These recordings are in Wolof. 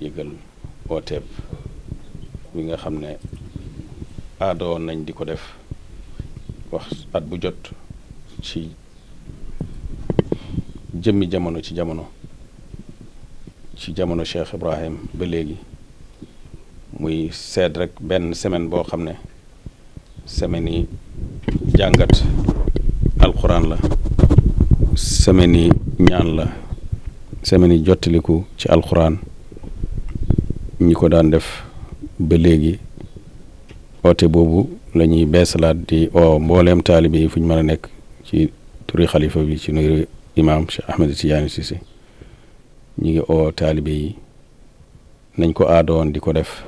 yëgal ooteeb bi nga xam ne aadoo nañ di ko def wax at bu jot ci jëmmi jamono ci jamono ci jamono Cheikh Ibrahim ba léegi muy seet rek benn semaine boo xam ne semaine yi jàngat alxuraan la semaine ñaan la semaine yi jottaliku ci alxuraan ñi ko daan def ba léegi oote boobu lañuy ñuy beesalaat di oo mbooleem taalibe yi fu ñu mën a nekk ci turi xalifa bi ci nuyu imaam Cheikh Ahmed Tidiane Cissé ñu ngi oo taalibe yi nañ ko aadoon di ko def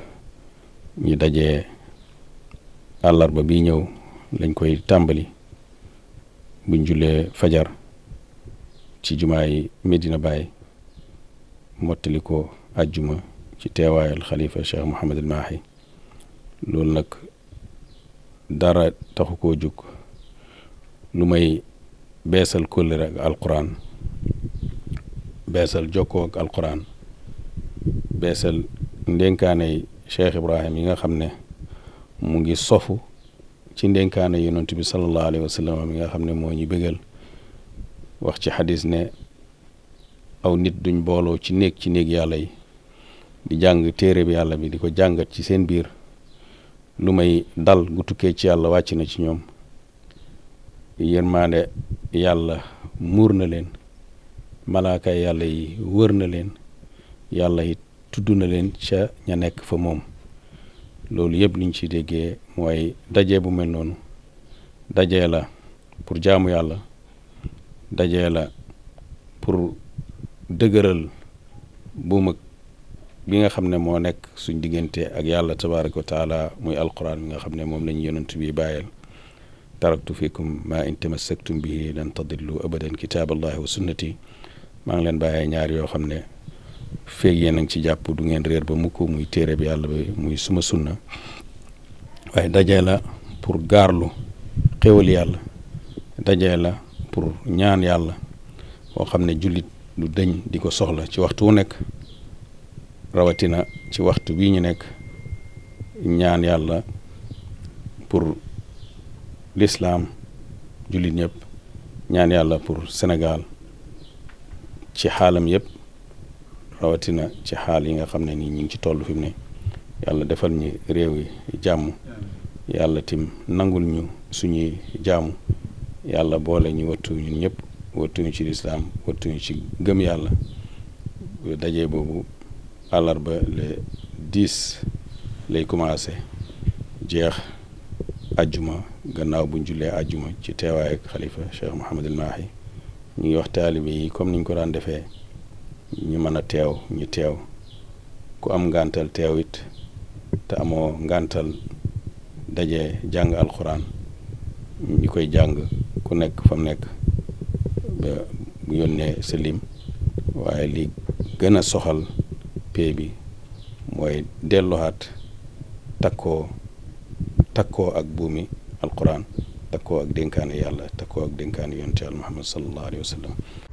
ñu dajee àllarba bi ñëw lañ koy tàmbali buñ jullee fajar ci jumaa yi Medina Baye mottali ko àjjuma ci teewaayal xalifa cheikh mohammed El Mahi loolu nag dara taxu koo jóg lu may beesal kóllëre ak alquran beesal jokkoo ak alquran beesal ndénkaaney cheikh Ibrahim yi nga xam ne mu ngi sofu ci ndénkaane yonent bi sallallahu alayhi wasallam yi nga xam ne moo ñu bégal wax ci xadis ne aw nit duñ booloo ci néeg ci néeg yàlla yi di jàng téere bi yàlla bi di ko jàngat ci seen biir lu may dal gu tukkee ci yàlla wàcc na ci ñoom yërmaande yàlla muur na leen malaakaay yàlla yi wër na leen yàlla it tudd na leen ca ña nekk fa moom loolu yëpp liñ ci déggee mooy daje bu mel noonu daje la pour jaamu yàlla daje la pour dëgëral bu bi nga xam ne moo nekk suñ diggante ak yàlla tabaraka wa taala muy alquran bi nga xam ne moom la ñu yonent bi bàyyeel taraktu fikum ma in tamassaktum bihi lan tadillu abadan kitaaballahi wa sunnati maa ngi leen bàyyee ñaar yoo xam ne feeg yéen a ngi ci jàpp du ngeen réer ba mukk muy téere bi yàlla bi muy suma sunna waaye dajee la pour gaarlu xéwal yàlla dajee la pour ñaan yàlla boo xam ne jullit du dëñ di ko soxla ci waxtu wu nekk rawatina ci waxtu bii ñu nekk ñaan yàlla pour lislaam jullit ñëpp ñaan yàlla pour Sénégal ci xaalam yëpp rawatina ci xaal yi nga xam ne nii ñu ngi ci toll fi mu ne yàlla defal ñu réew yi jàmm yàlla tim nangul ñu suñuy jàmm yàlla boole ñu wattu ñun ñëpp wattuñu ci lislaam wattuñu ci gëm yàlla daje boobu àllarba le lay commencé jeex ajjuma gannaaw bu jullee ajjuma ci teewaay ak xalifa Cheikh Mouhamadul Mahi ñu ngi wax taalibe yi comme niñ ko daan defee ñu mën a teew ñu teew ku am ngàntal teew it te amoo ngàntal daje jàng alxuraan ñu koy jàng ku nekk fa mu nekk ba yónnee sa lim waaye li gën a soxal paix bi mooy delluwaat takkoo takkoo ak buumi alquran takkoo ak dénkaane yàlla takkoo ak dénkaane yonent Yàlla Muhammad sallallahu alayhi